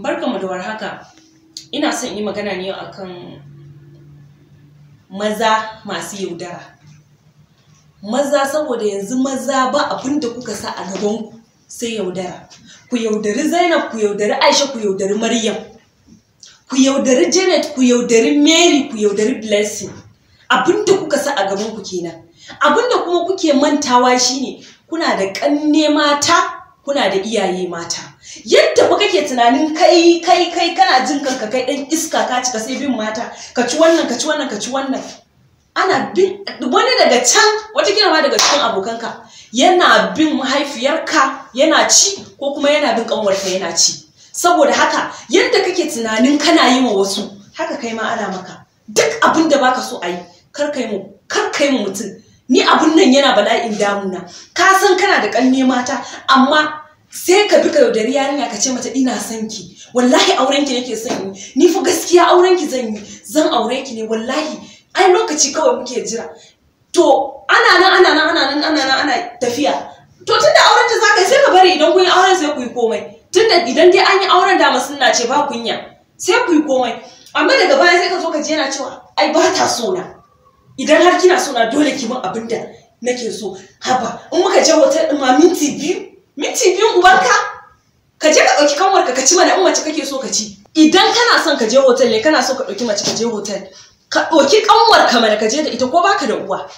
Barkanmu da warhaka. Ina son in yi magana ne akan maza masu yaudara. Maza saboda yanzu maza ba abin da kuka sa a ku sai yaudara. Ku yaudari Zainab, ku yaudari Aisha, ku yaudari Maryam. Ku yaudari Janet, ku yaudari Mary, ku yaudari Blessing. Abin kuka sa a gaban ku kenan. Abin da kuma kuke mantawa shine kuna da ƙanne mata kuna da iyaye mata yadda ba kake tunanin kai kai kai kana jin kanka kai dan iska ka cika sai bin mata ka ci wannan ka ci wannan ka ci wannan ana bin wani daga can kina ma daga cikin abokanka yana bin mahaifiyarka yana ci ko kuma yana bin kanwarka yana ci saboda haka yadda kake tunanin kana yi wa wasu haka kai ma ana maka duk abinda baka so a yi kar kai mu kar kai mu mutum ni abun nan yana bala'in damuna ka san kana da ƙanne mata amma sai ka bi ka yaudari yarinya ka ce mata ina son ki wallahi auren ki nake son yi ni fa gaskiya auren ki zan yi zan aure ki ne wallahi ai lokaci kawai muke jira to ana nan ana nan ana nan ana nan ana tafiya to tunda auren ta zaka sai ka bari idan kun yi auren sai ku yi komai tunda idan dai an yi auren da sunna ce ba kunya sai ku yi komai amma daga baya sai ka zo ka je yana cewa ai ba ta so na idan har kina so na dole ki min abin da nake so haba in muka je hotel ɗin ma minti biyu minti biyun ubanka ka je ka ɗauki kanwarka ka ci mana in mace kake so ka ci idan kana son ka je hotel ne kana so ka ɗauki mace ka je hotel ka ɗauki ka mana ka je da ita ko baka da uwa